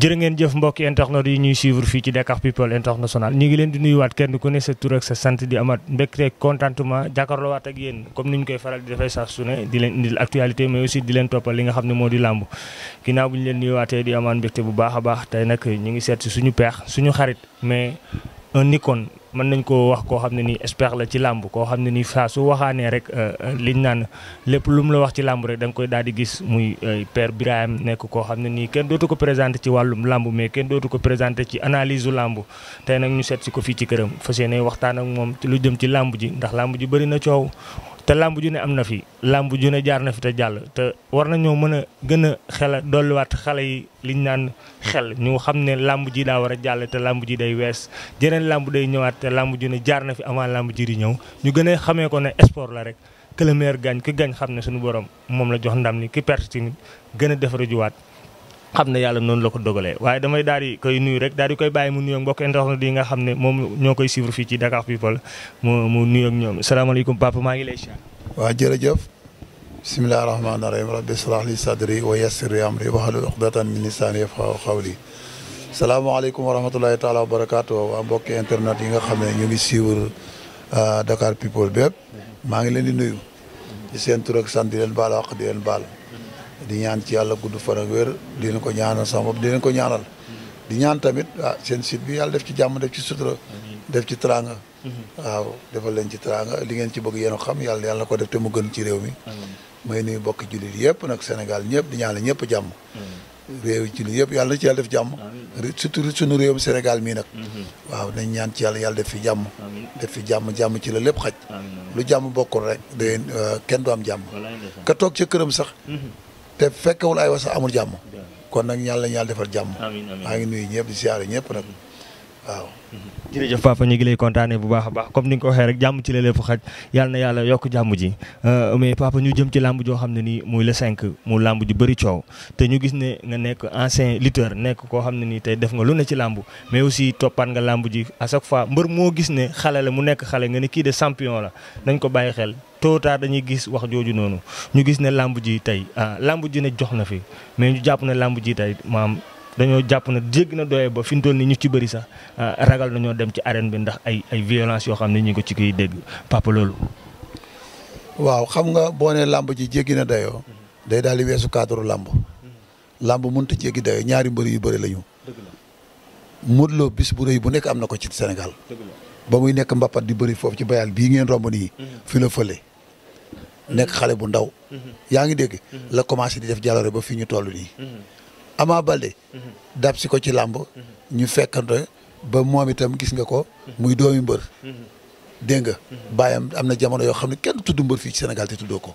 jërë ngeen jëf mbokki internet yi ñuy suivre fii ci Dakar People International ñu ngi leen di nuyuwaat kenn ku ne sa tur sa sant di amaat mbégte contentement jàkkaarloowaat ak yéen comme ni ñu koy faral di defee saa su ne di leen indil actualité mais aussi di leen toppal li nga xam ne moo di làmb ginnaaw bu ñu leen nuyuwaatee di amaat mbégte bu baax a baax te nag ñu ngi seet si suñu peex suñu xarit mais un icône mën nañ ko wax koo xam ne nii expert la ci làmb koo xam ne nii saa su waxaanee rek euh, euh, liñ naan lépp lu mu la wax ci làmb rek da nga koy daal di gis muy euh, père Birahim nekk koo xam ne nii kenn dootu ko présenté ci wàllum làmb mais kenn dootu ko présenté ci analyse u làmb te nag ñu seet si ko fii ci këram fas yéene waxtaan ak moom lu jëm ci làmb ji ndax làmb ji bëri na coow te làmb ju ne am na fi làmb ju ne jaar na fi te jàll te war na ñoo mën a gën a xel dolliwaat xale yi li ñu naan xel ñu xam ne làmb ji daa war a jàll te làmb ji day wees jeneen làmb day ñëwaat te làmb ju ne jaar na fi avant làmb ji di ñëw ñu gën a xamee ko ne sport la rek que le meilleur ki gagne xam ne suñu borom moom la jox ndam ni ki perte tamit gën a defarajuwaat xam ne yàlla noonu la ko dogalee waaye damay daal di koy nuyu rek daal di koy bàyyi mu nuyoog mbokk internet yi nga xam ne moom ñoo koy suivre fii ci Dakar People mu mu nuyoog ñoom salaamaaleykum papa maa ngi lay siyaar. waa jërëjëf bisimilah rahmaani rahiim rabbi israh li sadri wa yassir li amri wahlul uqdatan min lisaani yafqahu qawli salaamaaleykum wa rahmatulahi taala wa barakaatu waa internet yi nga xam ne ñu ngi suivre euh, Dakar People bépp maa ngi leen di nuyu. ci seen tur ak di leen baal wax di leen baal. di ñaan ci yàlla gudd fan ak wér dina ko ñaanal sama bopp dina ko ñaanal di ñaan tamit a ah, seen site bi yàlla def ci jàmm def ci sutura def ci teraanga mm-hmm. waaw defal leen ci teraanga li ngeen ci bëgg yéen xam yàlla yàlla ko def te mu gën ci réew mi may nuyu bokki jullit yëpp nag Sénégal ñëpp di ñëpp jàmm réew yi jullit yëpp yàlla na ci yàlla def jàmm surtout suñu réewum Sénégal mii nag mm-hmm. waaw nañ ñaan ci yàlla yàlla def fi jàmm def fi jàmm jàmm ci la lépp xaj lu jàmm bokkul rek day euh, kenn du jàmm ka toog ca këram sax mm-hmm. te fekkewul ay wasa amul jàmm kon nag ñaan la ñaan defal jàmm maa ngi nuyu ñëpp si siyaare ñëpp nag waaw jërëjëf papa ñu ngi lay kontaanee bu baax a baax comme ni nga ko waxee rek jàmm ci la lépp xaj yàlla na yàlla yokk jàmm ji euh, mais papa ñu jëm ci làmb joo xam ne nii muy le 5 mu làmb ji bëri coow te ñu gis ne nga nekk ancien lutteur nekk koo xam ne nii tey def nga lu ne ci làmb mais aussi toppaat nga làmb ji à chaque fois mbër moo gis ne xale la mu nekk xale nga ne kii de champion la dañ ko bàyyi xel tôt ou tard dañuy gis wax jooju noonu ñu gis ne làmb ji tey ah, làmb ji ne jox na fi mais ñu dañoo jàpp ne jégg na doye ba fi mu ñu ci bëri sax euh, ragal nañoo dem ci arène bi ndax ay ay yoo xam ne ñu ko ci kiy dégg papa loolu. waaw xam nga boo ne làmb ji jéggi na dayoo. day daal di weesu cadre làmb. làmb mënut a jéggi dayoo ñaari mbër yu bëri la ñu. Modou Lo bis bu rëy bu nekk am na ko ci Sénégal. ba muy nekk mbappat di bëri foofu ci bayal bii ngeen romb nii. Mhm. fi la fële. nekk xale bu ndaw. Mhm. yaa ngi dégg. Mhm. la commencé di def jaloore ba fii Ama Baldé mhm. dab si ko ci làmb mhm. ñu fekkante ba moom itam gis nga ko mhm. muy doomi mbër dégg nga bàyyam am na jamono yoo xam ne kenn tudd mbër fii ci Sénégal te tuddoo ko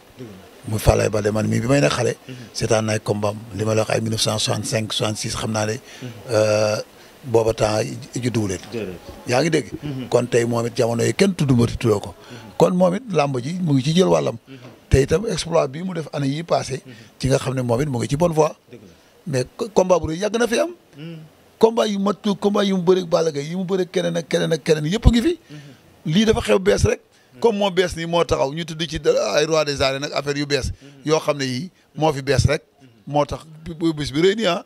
mu Falaye Baldé man mii bi may ne xale seetaan naay combat li ma la wax ay 1965 66 xam naa ne euh, booba temps judduwu yaa ngi dégg kon tey moom it jamono yi kenn tudd mbër te tuddoo ko kon moom it làmb ji mu ngi ci jël wàllam te itam exploit bii mu def année yi passé ci nga xam mais combat bu rëy yàgg na fi am. combat yu mat combat yu mu bëreeg Balla Gaye yi mu bëreeg keneen ak keneen ak keneen yëpp ngi fi. lii dafa xew bees rek. comme moo bees nii moo taxaw ñu tudd ci ay roi des arènes nag affaire yu bees. yoo xam ne moo fi bees rek. moo tax bis bi rëy nii ah.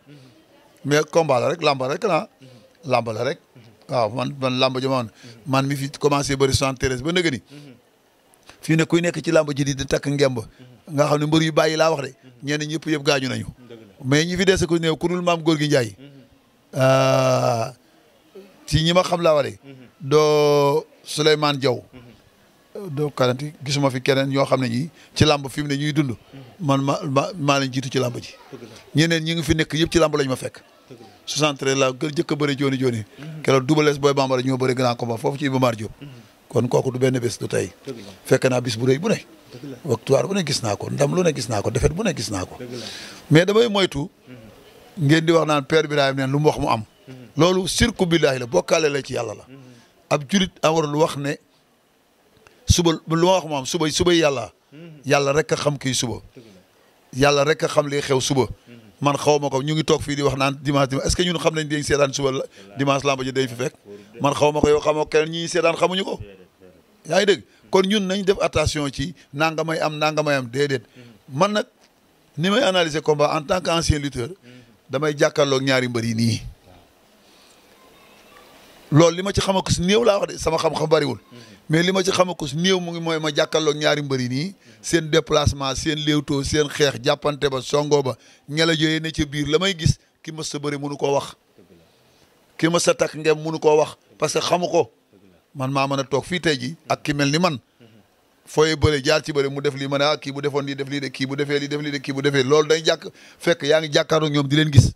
la rek lamba rek ah. lamba la rek. waaw man man lamba jama man mi fi commencé bëri soixante-treize ba nëgë ni. fii ne kuy nekk ci lamba ji di takk ngemb. nga xam ne mbër yu bàyyi laa de. ñenn ñëpp yëpp gaañu mais ñi fi dese ko néew ku dul maam góor gi Njaay euh, ci ñi ma xam laa waree. doo Souleymane Diaw. doo karanti gisuma fi keneen ñoo xam ne ñii ci làmb fi mu ne ñuy dund. man ma ma maa leen jiitu ci làmb ji. ñeneen ñi ngi fi nekk yëpp ci làmb lañ ma fekk. 63 la gën jëkk a bëri jooni jooni. keroog dubalees booy bambara ñoo naa grand combat foofu ci Iba Mar Diop. kon kooku du benn bés du tey. fekk naa bis bu rëy bu ne. victoire bu ne gis naa ko ndam lu ne gis naa ko défaite bu ne gis naa ko mais damay moytu ngeen di wax naan père Birahim me lu mu wax mu am loolu sirku billaahi la bokkaale la ci yàlla la ab jurit lu wax ne suba lu ma wax mu am suba suba yàlla yàlla rek a xam kii suba yàlla rek a xam li xew suba man xaw ma ko ñu ngi toog fii di wax naan dimanche dimanche est-ce que ñun xam nañ dañ seetaan suba dimanche lamba ji day fi fekk man xaw ma ko yow xamoo ke ñi seetaan xamuñu ko yaa ngi dégg kon ñun nañ def attention ci nanga may am nanga may am déedéet man nag ni may analyser combat en tant qu'ancien lutteur damay jàkkaarloog ñaari mbër yi nii loolu li ma ci xamakus néew laa wax de sama xam-xam bariwul mais li ma ci xamakus néew mu ngi mooy ma jàkkaarloog ñaari mbër yi nii seen déplacement seen léewtoo seen xeex jàppante ba songo ba ñela jooyee ne ca biir la may gis ki mës sa bëri mënu koo wax ki mës sa takk ngem mënu koo wax parce que xamu ko man maa mën a toog fii tey ji ak ki mel ni man fooy bëre jaar ci bëre mu def lii man a ah, kii bu defoon lii def lii de kii bu defee lii def lii de loolu day jàkk fekk yaa ngi jàkkaaroo ñoom di leen gis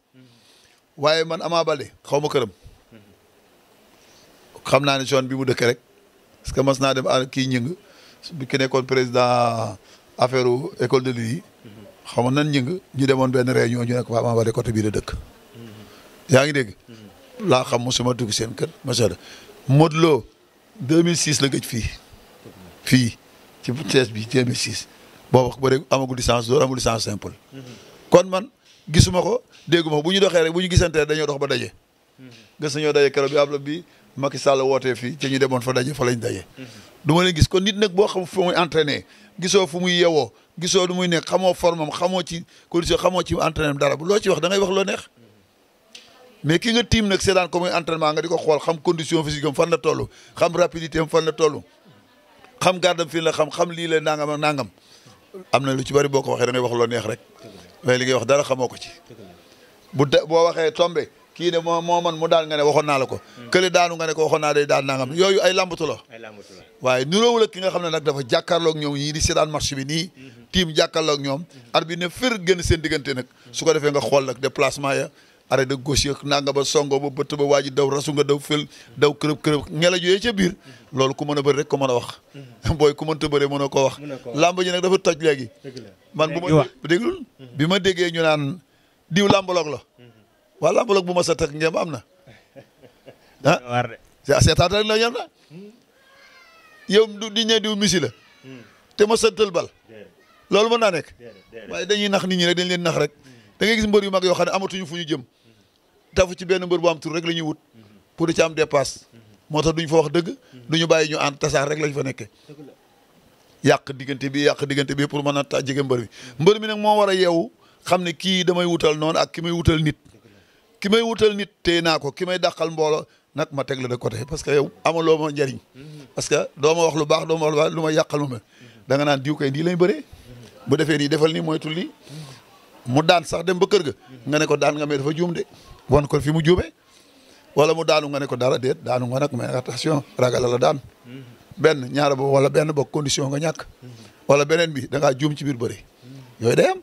waaye man Ama bale xaw ma këram xam naa ne zone bi mu dëkk rek parce que mas naa dem kii ñëng bi ki nekkoon président affaire école de lutte yi xaw ma nan ñëng ñu demoon benn réunion ñu ne ko waa Ama Baldé côté bii la dëkk yaa ngi dégg laa xam mosuma dugg seen kër ma allah Modou 2006 la gëj fi fii ci Thiès bi 2006 boobu ba léegi amagul licence d'or amul licence simple. kon man gis gisuma ko dégguma ko bu ñu doxee rek bu ñu gisantee dañoo dox ba daje. gis nañoo daje keroog bi ab la bi Macky Sall wootee fii te ñu demoon fa daje fa lañ daje. du ma gis kon nit nag boo xam fu muy entraîné gisoo fu muy yewoo gisoo du muy nekk xamoo formam xamoo ci condition xamoo ci entraîné dara bu loo ci wax da ngay wax loo neex. mais kii nga tiim nag seetaan ko muy entraînement nga di ko xool xam condition physique fan la toll xam rapidité fan la toll xam gardam fi la xam xam lii la nangam ak am na lu ci bari boo ko waxee da ngay wax loo neex rek mais li ngay wax dara xamoo ko ci bu de boo waxee tombé kii ne moo moo man mu daan nga ne waxoon naa la ko kële daanu nga ne ko waxoon naa day nangam yooyu ay lambatu waaye nuróowul ak ki nga xam ne nag dafa jàkkaarloog ñoom ñii di seetaan marché bi nii tiim mhm. jàkkaarloog ñoom ar bi ne seen diggante nag su ko defee nga xool nag déplacement ya arrêt de gauche nanga ba songo ba bëtt ba waa ji daw rasu nga daw fël daw kërëb kërëb ngela jooyee ca biir loolu ku mën a bëri rek ko mën a wax booy ku mënta bëree a ko wax làmb ji nag dafa toj léegi man bu ma déglul bi ma déggee ñu naan diw làmbaloog la waa làmbaloog bu ma sa tak ngeem am na ah la ñam na yow du di ñee diw misila hmm. te ma santal bal loolu mën naa nekk waaye dañuy nax nit ñi rek dañ leen nax rek da gis mbër yu mag yoo xam ne amatuñu fu ñu jëm tafu ci benn mbër bu am tur rek la ñuy wut pour di ci am dépasse moo tax duñ fa wax dëgg duñu bàyyi ñu ànd tasaar rek lañ fa nekke yàq diggante bi yàq diggante bi pour mën a jege mbër mi mbër mi nag moo war a yeewu xam ne kii damay wutal noonu ak ki may wutal nit ki may wutal nit tey naa ko ki may dàqal mboolo nag ma teg la de côté parce que yow amaloo ma njariñ parce que doo ma wax lu baax doo ma wax lu baax lu ma yàqal ma da nga naan diw kay nii nii defal nii mooy tulli mu daan sax dem ba kër ga nga ne ko daan nga mais dafa juum de won ko fi mu juumee wala mu daanu nga ne ko dara déet daanu nga nag mais attention ragal la daan ben ñaar ba wala benn bokk condition nga ñàkk wala beneen bi da ngaa juum ci biir bëri yooyu day am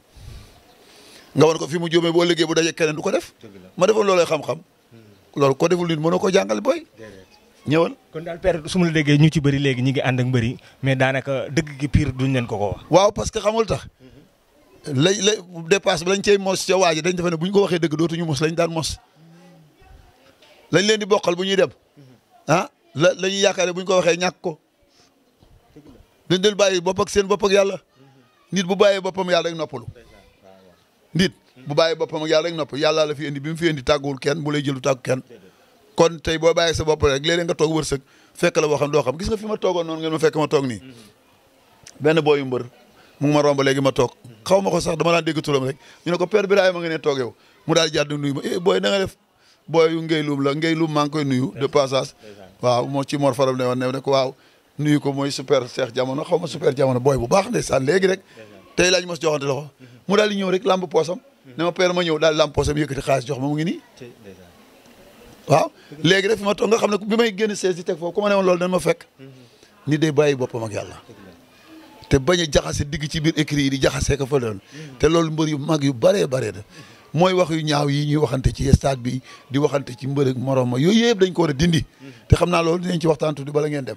nga won ko fi mu juumee boo liggéey bu daje keneen du ko def ma defoon loolay xam-xam loolu ko deful nit mënoo ko jàngal booy ñëwal kon daal père su ma la ñu ci bëri léegi ñu ngi ànd ak mbëri mais daanaka dëgg gi pire duñ leen ko ko wax waaw parce que xamul tax mm-hmm. lay lay dépasse lañ cey mos ca waa ji dañ defe ne bu ñu ko waxee dëgg dootuñu mos lañ daan mos lañ leen di bokkal bu ñuy dem ah la la yaakaar ne bu ñu ko waxee ñàkk ko dañ leen bàyyi bopp ak seen bopp yàlla nit bu bàyyee boppam yàlla rek noppalu nit bu bàyyee boppam ak yàlla rek nopp yàlla la fi indi bi mu fi indi tàgguwul ken bu lay jëlu tàggu kenn kon tey boo bàyyee sa bopp rek léeg-léeg nga toog wërsëg fekk la boo doo xam gis nga fi ma toogoon noonu ngeen ma fekk ma toog nii benn booyu mbër mu ngi ma ba léegi ma toog xaw ma ko sax dama daan dégg turam rek ñu ne ko père Birahima nga ne toog yow mu daal di jàdd nuyu ma eh booy na def booy yu ngay luum la ngay luum maa ngi koy nuyu de passage waaw moo ci Mor Faram ne woon ne ko waaw nuyu ko mooy super Cheikh jamono xaw ma supeer jamono booy bu baax saan léegi rek tey laa ñu mos joxante loxo mu daal di ñëw rek lamb poosam ne ma père ma ñëw daal lamb poosam yëkkati xaalis jox ma mu ngi nii waaw léegi rek fi ma toog nga xam ne bi may génn sees di teg foofu ma ne loolu dañ ma fekk nit day bàyyi boppam ak yàlla te bañ a jaxase digg ci biir écrit yi di jaxasee ko fa loolu te loolu mbër yu mag yu bëree bëree da mooy wax yu ñaaw yi ñuy waxante ci stade bi di waxante ci mbër ak morom ma yooyu yëpp dañ ko war a dindi te xam naa loolu dañ ci waxtaan tuuti bala ngeen dem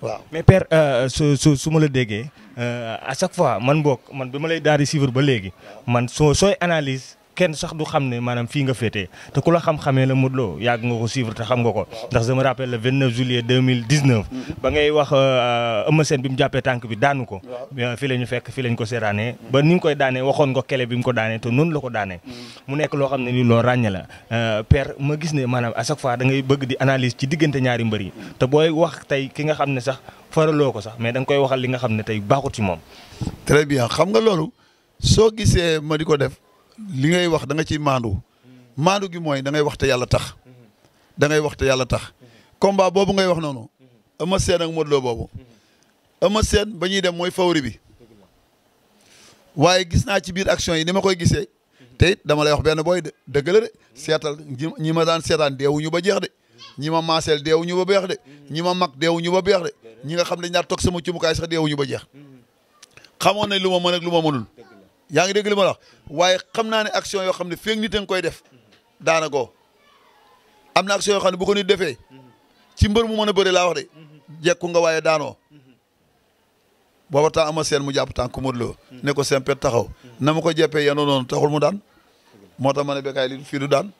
waaw mais père euh, su su su ma la déggee euh, à chaque fois man mbook man bi ma lay daal di suivre ba léegi man soo sooy analyse kenn sax du xam ne maanaam fii nga féetee te ku la xam-xamee la Modou Lo yàgg nga ko suivre te xam nga ko ndax je me rappelle le 29 juillet 2019 ba ngay wax euh, Eumeu Sène bi mu jàppee tànk bi daanu ko euh, fii la ñu fekk fii lañ ko seeraanee ba ni nga koy daanee waxoon nga kele bi mu ko daanee te noonu la ko daanee mm. mu nekk loo xam ne ni loo ràññe la euh, père ma gis ne maanaam à chaque fois da ngay bëgg di analyse ci diggante ñaari mbër yi te booy wax tey ki nga xam ne sax faraloo ko sax mais da nga koy waxal li nga xam ne tey baaxut ci moom très xam nga loolu soo gisee ma di ko def li ngay wax da nga ciy maandu maandu gi mooy da ngay wax te yàlla tax da ngay wax te yàlla tax combat boobu ngay wax noonu a Sène ak Modou Lo boobu a Sène ba ñuy dem mooy favori bi waaye gis naa ci biir action yi ni ma koy gisee te it dama lay wax benn booy de dëgg la de seetal ñi ma daan seetaan deewuñu ba jeex de ñi ma maaseel deewuñu ba beex de ñi ma mag deewuñu ba beex de ñi nga xam ne ñaar toog sama cumukaay sax deewuñu ba jeex xamoon nañ lu ma mën ak lu ma mënul yaa ngi dégg li ma la waaye xam naa ne action yoo xam ne feeg nit a koy def daanako am na action yoo xam ne bu ko nit defee ci mbër mu mën a bëri laa wax de jekku nga waaye daano booba temps ama seen mu jàpp temps ku Modou ne ko sempet taxaw na ma ko jeppee yenoo noonu taxul mu daan moo tax ma ne Bécaye li fii du daan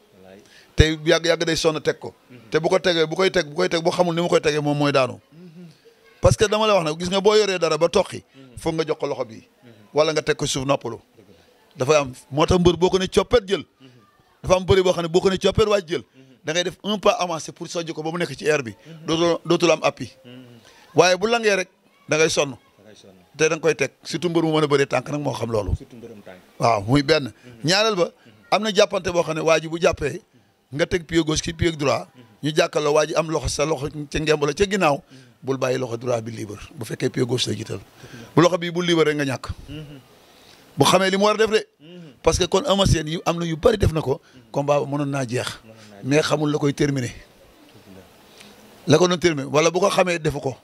te yàgg-yàgg day sonn teg ko te bu ko tegee bu koy teg bu koy teg boo xamul ni mu koy tegee moom mooy daano parce que dama la wax nag gis nga boo yoree dara ba toqi foog nga jox ko loxo bii wala nga teg ko suuf noppalu dafay am moo tax mbër boo ko ne coppet jël dafa am bëri boo xam ne boo ko ne coppet waaj jël da ngay def un pas avancé pour sojj ko ba mu nekk ci air bi dootul am appui waaye bu langee rek da ngay sonn te da nga koy teg surtout mbër mu mën a bëree tànk nag moo xam loolu waaw muy benn mhm. ñaareel ba am na jàppante boo xam ne waa ji bu jàppee nga teg pied gauche ki pied droit ñu jàkkaarloo waa am loxo sa loxo ca ngemb la bul bàyyi loxo droit bi libre bu fekkee pied gauche la jiital bu loxo bii bu libre nga ñàkk. bu xamee li war def de. parce que kon ama seen yu am na yu bëri def na ko. combat ba mënoon naa jeex. mais xamul la terminer. la ko doon terminer wala bu ko xamee ko.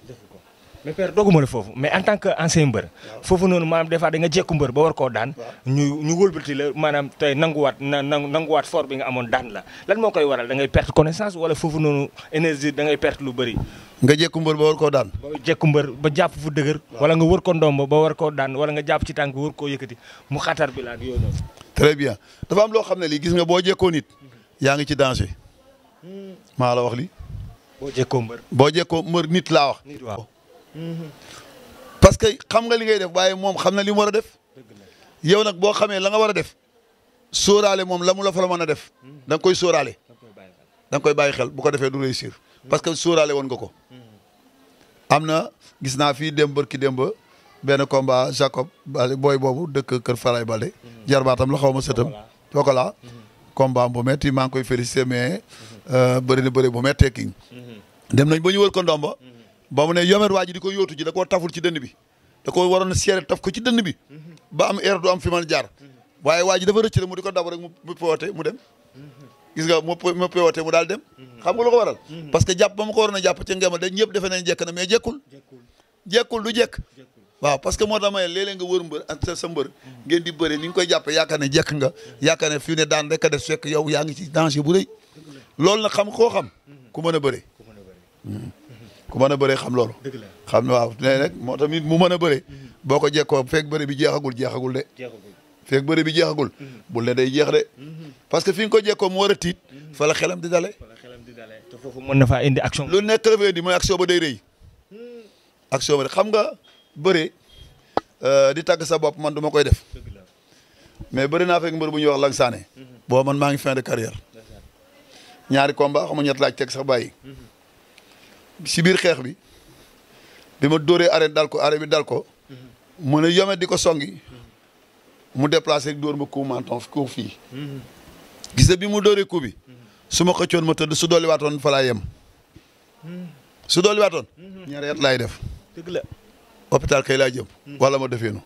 mais père doguma la foofu mais en tant que ancien mbër foofu noonu maanaam des fois da nga jekku mbër ba war koo daan ñu ñu la maanaam tey nanguwaat na nanguwaat fort bi nga amoon daan la lan moo koy waral da ngay perte connaissance wala foofu noonu énergie da ngay perte lu bëri nga jekku mbër ba war koo daan ba jekku mbër ba jàpp fu dëgër wala nga wër ko ndomb ba war koo daan wala nga jàpp ci tànk wër koo yëkkati mu xatar bi laan yooyu noonu très bien dafa am loo xam ne lii gis nga boo jekkoo nit yaa ngi ci danger hmm. maa la wax li boo jekkoo mbër boo jekkoo mbër nit laa wax parce que xam nga li ngay def waaye moom xam na li mu a def. yow nag boo xamee la nga war a def sóoraale moom la mu la fa la mën a def da nga koy sóoraale. da nga koy bàyyi xel bu ko defee du réussir parce que sóoraale won nga ko. am na gis naa fi démb ki démb benn combat Jacob booy boobu dëkk Kër Faray Balde. jarbaatam la xaw ma sëtam. Pokola combat bu métti maa ngi koy félicité mais euh, bëri na bu méttee kii. dem nañ ba ñu wër ko ndomba. ba mu ne yomer waa ji di ko yóotu ji da koo taful ci dënn bi da ko waroon seere taf ko ci dënn bi ba am erreur du am fi jaar waaye waa ji dafa mu di ko dab rek mu pewoote mu dem gis nga mu mu mu daal dem xam nga lu ko waral parce que jàpp ba mu ko waroon a jàpp ci ngema da ñëpp defe nañ jekk na mais jekkul que moo tax may léeg-léeg nga wër mbër ak di bëre ni koy jàppee yaakaar ne jekk nga yaakaar ne fii ne daan rek a def fekk yow yaa ngi ci danger bu rëy loolu nag xam koo xam mm-hmm. ku mën a bëre ku mën bëree xam loolu xam ne waaw ne nag moo tamit mu mën a bëree mm-hmm. boo ko jekkoo fekk bëri bi jeexagul jeexagul de fekk bëri bi jeexagul mm-hmm. bul ne day jeex de mm-hmm. parce que fi nga ko jekkoo mu war a tiit fala la xelam di dale te foofu mën na faa indi action lu nekk la fa indi mooy action ba day rëy action ba xam nga bëri euh, di tàgg sa bopp man duma koy def mais bëri naa fekk mbër bu ñuy wax Langsane boo man maa ngi fin de carrière ñaari combat xamu ñett laaj teg sax bàyyi si biir xeex bi bi ma dooree arène dal ko arène bi dal ko mu ne yome di ko songi mu déplacé ak dóor ma coup menton coup fii gis bi mu dóoree coup bi su ma xëccoon ma tëdd su dooli waatoon fa laa yem su dooli waatoon ñaari def dëgg la laa jëm wala ma defeenu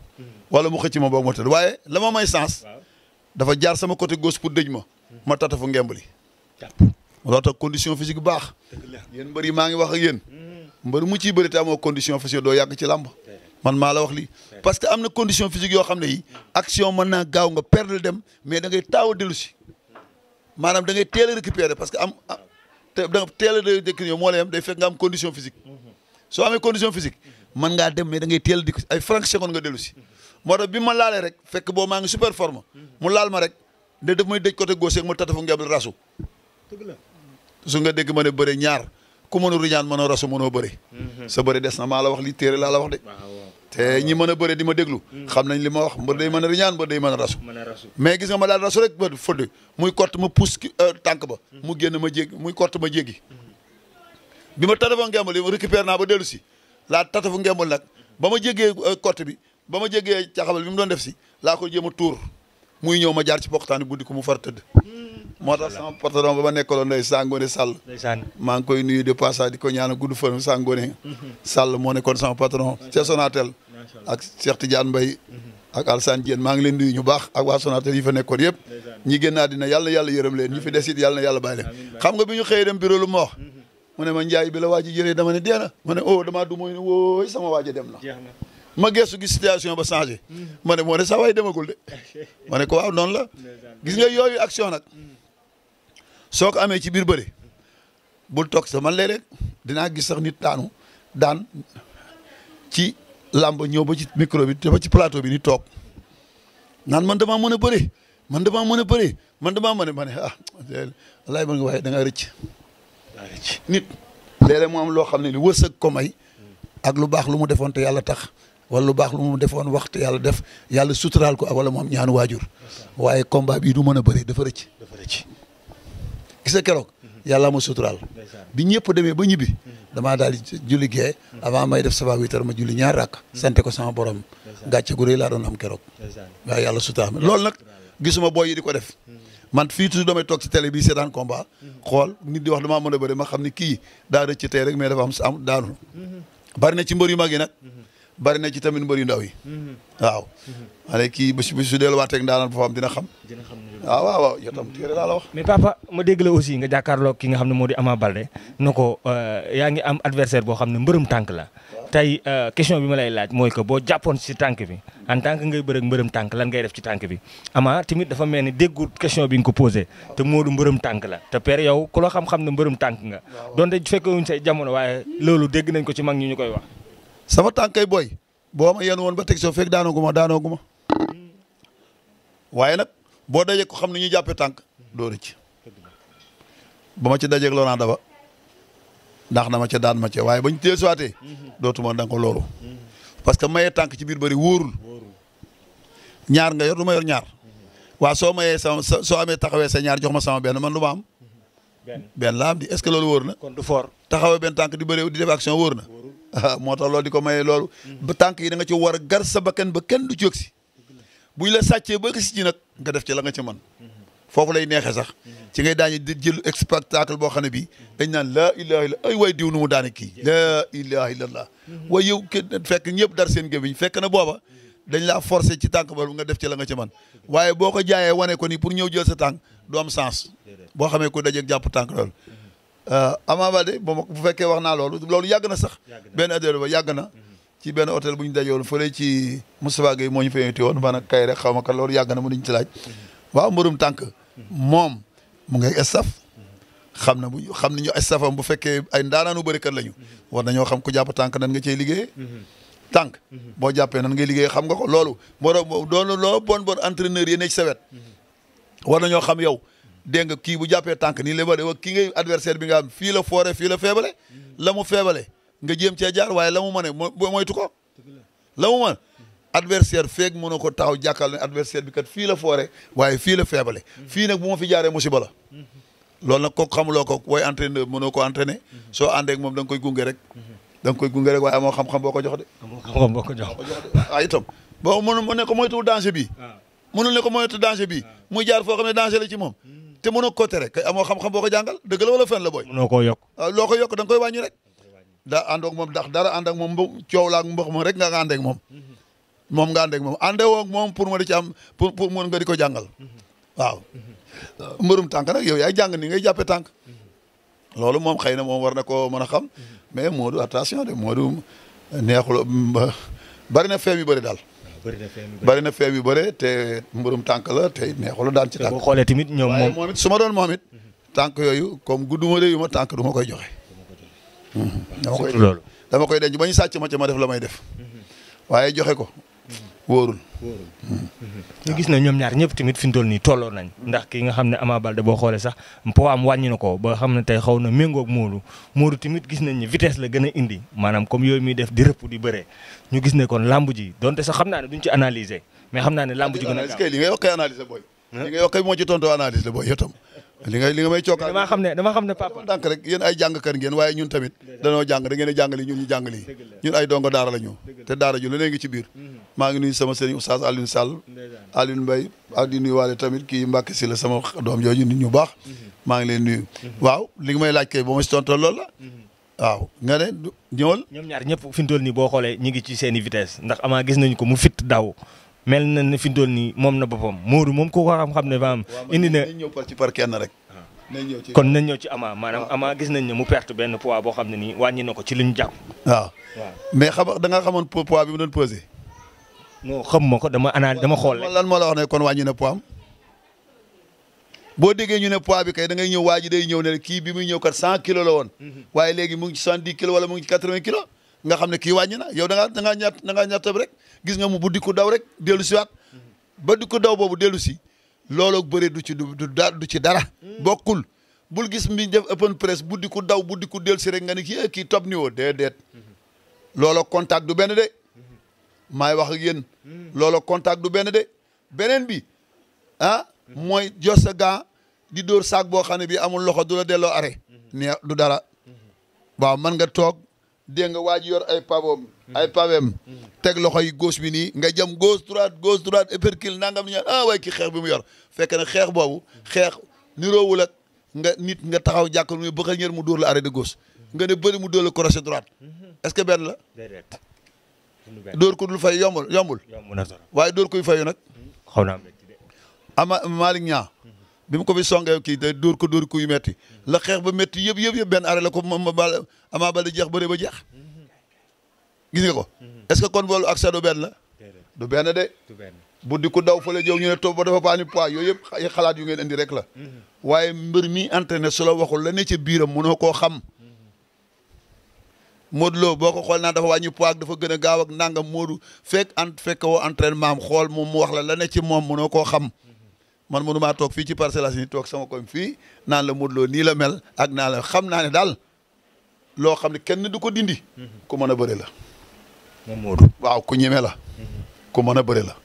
wala mu xëcc ma boog ma tëdd waaye la ma may sens dafa jaar sama côté gauche pour dëj ma ma tatafu ngemb li loolu tax condition physique baax. yéen mbër maa ngi wax ak yéen. mbër mu ciy bëri te amoo condition physique doo yàgg ci làmb. man maa wax lii parce que am na condition physique yoo xam ne yi action mën naa gaaw nga perdre dem mais da taaw a dellu si maanaam da ngay teel récupérer parce que am teel a récupérer moo lay am day fekk nga am condition physique soo amee condition physique mën ngaa dem mais da teel a di ay franc seconde nga dellu moo tax bi ma laalee rek su nga dégg ma ne bëre ñaar ku mën a ruñaan mën rasu mënoo bëre mhm. sa bëre des na maa la wax li téere laa la wax de te ñi mën a bëre di ma déglu mhm. xam nañ li ma wax mbër day mën a riñaan mbër day mën a rasu mais gis nga ma daal rasu rek ba fëdd muy kort ma pousse euh, tànk ba mhm. mu génn ma jéggi muy kort ma jéggi bi ma tatafa ngembal yi ba dellu si laa tatafu ngembal nag ba ma jéggee euh, kort bi ba ma jéggee caxabal bi mu doon def si laa ko jéem a tuur muy ñëw ma jaar ci poqtaan bi buddi ko mu far tëdd moo tax sama patron ba ma nekkaloon day Sangoné Sall maa ngi koy nuyu de passage di ko ñaanal gudd fan Sangoné Sall moo nekkoon sama patron ca Sonatel ak Cheikh Tidiane Mbaye ak Alsane Diène maa ngi ñu baax ak waa Sonatel yi fa nekkoon yëpp ñi génn àddina yàlla yàlla yërëm leen ñi fi des it na yàlla bàyyi leen xam nga bi ñu xëyee dem bureau lu ma wax mhm. mu ne ma njaay bi la waa dama ne deena ma ne oh damaa du ne wooy sama waa dem na ma geesu gi situation ba changé mhm. ma ne moo ne sa waay demagul de ma la gis nga yooyu action nag mhm. soo ko amee ci biir bëri bul toog sa man léeg-léeg dinaa gis sax nit taanu daan ci làmb ñëw ba ci microbi bi dafa ci plateau bi ni toog naan man damaa mën a bëri man damaa mën a bëri man damaa mën a ma ne ah, man nga waaye da ngaa rëcc da ngaa rëcc nit léeg-léeg mu am loo xam ne lu wërsëg ko may ak lu baax lu mu defoon te yàlla tax wala baax lu mu defoon waxtu yàlla def yàlla suturaal ko ak wala moom ñaanu waajur waaye combat bii du mën a bëri dafa rëcc dafa rëcc gis nga keroog mhm. yàlla ma suturaal bi ñëpp demee ba ñibbi mhm. damaa daal di julli gee mhm. avant may def sabaa witar ma julli ñaar rakk sante ko sama borom gàcce gu rëy laa doon am keroog waaye yàlla suturaal loolu nag gisuma booy yi di ko def man fii toujours damay toog ci télé bii seetaan combat xool nit di wax damaa mën a bëri ma xam ne kii daa rëcc tey rek mais dafa am sa am daanu bari na ci mbër yu nag bari na ci tamit mbër yu ndaw yi. Mm-hmm. waaw. ma mm-hmm. ne kii bés bés su delluwaateeg ndaanaan foofu am dina xam. xam waaw waaw waaw yow tam mm-hmm. téere la wax. mais papa ma dégg aussi nga jàkkaarloog ki nga xam ne moo di amaa bal na ko euh, yaa ngi am adversaire boo xam ne mbërëm tànk la tey euh, question bi ma lay laaj mooy que boo jàppoon si tànk bi en tant que ngay bërëg mbërëm tànk lan ngay def ci tànk bi Ama tamit dafa mel ni déggul question bi nga ko posé te Modou mbërëm tànk la te père yow ku loo xam-xam ne mbërëm tànk nga donte fekkewuñ say jamono waaye loolu dégg nañ ko ci mag ñi ñu koy wax sama tànkay booy boo ma yéen woon ba teg soo fekk daanoogu ma daanoogu ma waaye nag boo dajee ko xam ni ñuy jàppee tànk doo rëcc ba ma ci dajeeg Laurent Daba ndax na ma ca daan ma ca waaye bañ teel suwaatee dootuma da nga ko loolu parce que mayee tànk ci biir bëri wóorul ñaar nga yor du ma yor ñaar waa soo mayee sama soo amee taxawee sa ñaar jox ma sama benn ma am benn la am di est ce que loolu wóor na kon du fort taxawee benn tànk di bëri di def action wóor na Ah, moo tax loolu di ko maye loolu. Mm-hmm. ba tànk yi da nga ci war a gar sa bakkan ba kenn du jóg bu buñ la sàccee ba gis ci nag nga def ci la nga ci mën. Mm-hmm. foofu lay neexee sax. Mm-hmm. ci ngay daañu di jël spectacle boo xam ne bi dañ naan laa ilaha illa ay waay diw nu mu daane kii. laa ilaha illallah. waaye fekk ñëpp dar seen gémmiñ fekk na booba. dañ laa forcer ci tànk ba nga def ci la nga ci man waaye boo ko jaayee wane ko ni pour ñëw jël sa tànk du am sens. boo xamee ko dajeeg jàpp tànk loolu. Euh, Ama Baldé bu fekkee wax na loolu loolu yàgg na sax. benn adélo ba yàgg na. ci benn hôtel bu ñu dajoon fële ci Moustapha Gueye moo ñu fa yëngati woon maanaam kay rek xaw ma kat loolu yàgg na mënuñ ci laaj. Mm-hmm. waaw mbërum moom mu ngay staff. Mm-hmm. xam na bu xam nañu staffam bu fekkee ay ndaanaanu bërikat lañu. Mm-hmm. war ñoo xam ku jàpp tànk nan nga cey liggéey tànk boo jàppee nan ngay liggéey xam nga ko loolu moo doon loo bon bon entraîneur yi ne ci sa wet war nañoo xam yow dégg nga kii bu jàppee tànk nii la war a ki ngay adversaire bi nga xam fii la foore fii la feebale la mu feebale nga jéem cee jaar waaye la mu mën moytu ko la mu mën adversaire feeg mën a ko taxaw jàkkal ne adversaire bi kat fii la foore waaye fii la feebale fii nag bu ma fi jaaree musiba la loolu na kooku xamuloo ko way entraîneur mënoo ko entraîner soo àndee ak moom da nga koy gunge rek da nga koy gunge rek waaye amoo xam-xam boo ko jox de xam-xam boo ko jox waaw ah, itam ko bi ah. mënul ne ko moytu bi ah. muy jaar foo xam ne danger la ci moom te mënoo ko tere kay amoo xam-xam boo ko jàngal dëgg la wala fen la booy. mënoo koo yokk ah, loo ko yokk da nga koy wàññi rek. da ànd ak moom ndax dara ànd ak moom coow la ak mbox moom rek nga nga ànd ak moom. moom nga ànd ak moom ànde woo moom pour ma di ci am pour pour mën nga di ko jàngal. waaw mbërum tànk nag yow yaay jàng ni ngay jàppee tànk. loolu moom xëy na moom war na koo mën a xam. mais Modou attention de Modou neexul bari na feem yu bari daal. bëri na feem yu bëre te mburum tànk la te neexul daan ci tànk. te boo xoolee tamit ñoom moom waaye su ma doon moom it. tànk yooyu comme gudduma yu ma tànk du ma koy joxe. Hmm. dama koy dama koy denc ba ñu ma ca ma def la may def. Hmm. waaye joxe ko wóorul. ñu gis na ñoom ñaar ñëpp tamit fi ñu toll nii tolloo nañ ndax ki nga xam ne Ama Baldé boo xoolee sax poids am wàññi na ko ba xam ne tey xaw na méngoog Modou Modou tamit gis nañ ni vitesse la gën a indi maanaam comme yooyu muy def di rëpp di bëree ñu gis ne kon lamb donte sax xam naa ne duñ ci analyser mais xam naa ne lamb gën a li nga nga yokkee moo ci tontu la booy li nga li nga may cookaat dama xam ne dama xam ne papa dànk rek yéen ay jàngkat ngeen waaye ñun tamit danoo jàng da ngeen a jàngali ñun ñu jàngali ñun ay dongo daara la ñu te daara ju leneen ngi ci biir mhm. maa ngi nuyu sama sëriñ oustaz Alioune Sall Alioune Mbaye ak di nuyu waale tamit kii Mbacke si la sama doom jooju nit ñu baax mhm. maa ngi leen nuyu mhm. waaw li nga may laaj kay ba ma si tontu loolu la waaw nga ne ñëwal ñoom ñaar ñëpp fi mu toll nii boo xoolee ñi ngi ci seen i vitesse ndax amaa gis nañ ko mu fit daaw mel na ni fi doon nii moom na boppam Modou moom ku ko xam-xam ne maanaam. indi na ñëw par ci par kenn ah. kon nañ ñëw ci Ama maanaam Ama gis nañ ne mu perte benn poids boo xam ne ni wàññi na ko ci li ñu jàpp. waaw mais xam da nga xamoon poids bi mu doon pesé. non xam ma ko dama analyse dama xool lan moo la wax ne kon wàññi na poids boo déggee ñu ne poids bi kay da ngay ñëw waa ji day ñëw ne kii bi muy ñëw kat cent kilos la woon. Mm-hmm. waaye léegi mu ngi ci soixante dix kilos mu ngi ci quatre vingt nga xam ne kii wàññi na yow da ngaa ñaat da ngaa rek gis nga mu bu di ko daw rek dellu si waat ba di ko daw boobu dellu si looloo bëri du ci du du ci dara hmm. bokkul bul gis mbi def open press bu di ko daw bu di ko dellu si rek nga ne kii eh, kii top niveau déedéet looloo contact du benn de maay wax ak yéen hmm. looloo contact du benn de beneen bi a ah, hmm. mooy jos sa gant di dóor saak boo xam ne bii amul loxo du la delloo arrêt ne du dara waaw man nga toog dégg nga waa ji yor ay pavoom ay pavem teg loxo yi gauche bi nii nga jëm gauche droite gauche droite épercule nangam ni a ah, waay ki xeex bi mu yor fekk na xeex boobu xeex niroowul ak nga nit nga taxaw jàkkal mu bëxal ñër mu dóor la arrêt de gauche nga ne bëri mu dóor la crochet droite mhm. est-ce que benn la dóor ko dul fay yombul yombul waaye dóor koy fayu nag xaw naa ama bi mu ko fi songee kii te door ko dóor ko yu metti la xeex ba metti yëpp yëpp yëpp benn arrêt la ko ma bal Ama Baldé jeex bëree ba jeex gis ko est que kon boolu ak sa du benn la du benn de bu di ko daw fële jëw ñu ne toog ba dafa paani poids yooyu yëpp ay xalaat yu ngeen indi rek la waaye mbër mi entraîné su la waxul la ne biira biiram mënoo koo xam Modou Lo boo ko xool naa dafa wàññi poids dafa a gaaw ak nangam Modou fekk ant fekk woo entraînement am xool moom mu wax la la ci moom mënoo koo xam man maa toog fii ci Parcelles Assainies toog sama koñ fii naan la Modou Lo nii la mel ak naan la xam naa ne daal loo xam ne kenn du ko dindi. Mhm. ku mën a bëre la. moom waaw ku ñeme la. Mhm. ku mën a bëre la.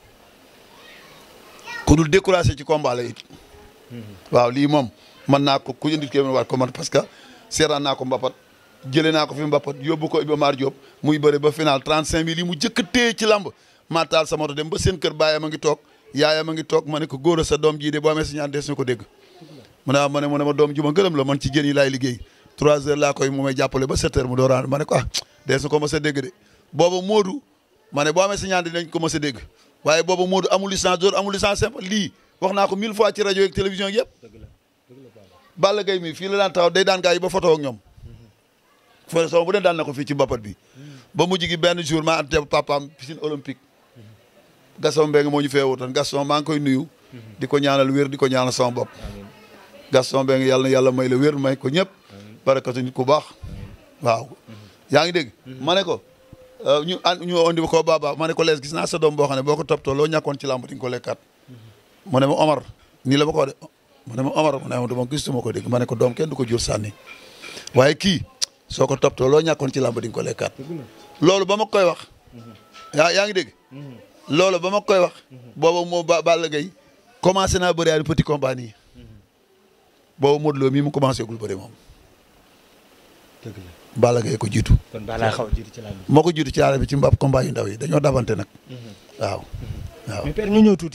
ku dul découragé ci combat la it. Mhm. waaw lii moom mën naa ko ku indi kii waat ko man parce que seeraan naa ko mbapat jëlee naa ko fi mbapat yóbbu ko Iba Mar Diop muy bëre ba final 35000 yi mu jëkk a téye ci lamb maa taal sama oto dem ba seen kër baayam a ngi toog. yaayam a ngi toog ma ne ko góor a sa doom jii de boo amee si ñaan des na ko dégg mu ne ah, ma ne ma ne ma doom ju ma gërëm la man ci jën yi laay liggéey trois heures laa koy mu may jàppale ba sept heures mu dooraan ma ne ko ah des na ko mos a dégg de booba Moodu ma ne boo amee si ñaan dinañ ko mos a dégg waaye booba Moodu amul licence d'or amul licence simple lii wax naa ko mille fois ci rajo yeeg télévision yëpp Balla Gaye mi fii la daan taxaw day fii ci mbapat bi ba mujj gi benn jour maa am Gaston Mbengue moo ñu fee wutoon Gaston maa ngi koy nuyu. Mhm. di ko ñaanal wér di ko ñaanal sama bopp. Gaston Mbengue yàlla na yàlla may la wér may ko ñëpp. barakatu nit ku baax. waaw mhm. yaa ngi dégg. Mhm. ma ne ko euh, ñu an ñu andi ko baaba ma ne ko lees gis naa sa doom boo xam ne boo ko toppatoo loo ñàkkoon ci làmb di nga ko lekkaat. ne ma Omar nii la ma ko waxee ne ma Omar mu ne ma gis ma ko dégg ma ne ko doom kenn du ko jur sànni waaye kii soo ko toppatoo loo ci làmb di ko lekkaat. loolu ba ma koy wax. yaa yaa ngi loolu ba ma koy wax. booba moo ba ba Gaye commencé naa bëri ay petit combat nii booba Modou Lo mu commencé gul bëri moom. ba la Balla ko jiitu. kon Balla xaw jiitu ci moo ko jiitu ci làmb bi ci mbab combat yu ndaw yi dañoo dabante nag. Mhm. waaw mhm. waaw.